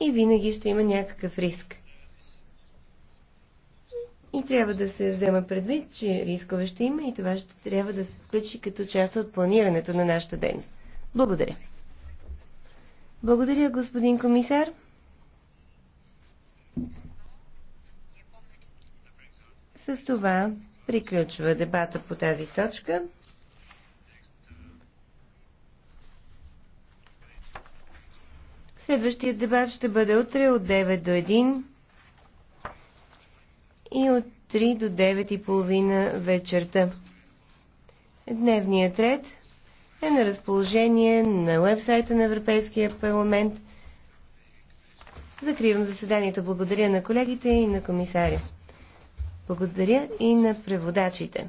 и винаги ще има някакъв риск. И трябва да се взема предвид, че рискове ще има и това ще трябва да се включи като част от планирането на нашата дейност. Благодаря. Благодаря, господин комисар. С това приключва дебата по тази точка. Следващия дебат ще бъде утре от 9 до 1 и от 3 до 9 и половина вечерта. Дневният ред е на разположение на вебсайта на Европейския парламент. Закривам заседанието. Благодаря на колегите и на комисаря. Благодаря и на преводачите.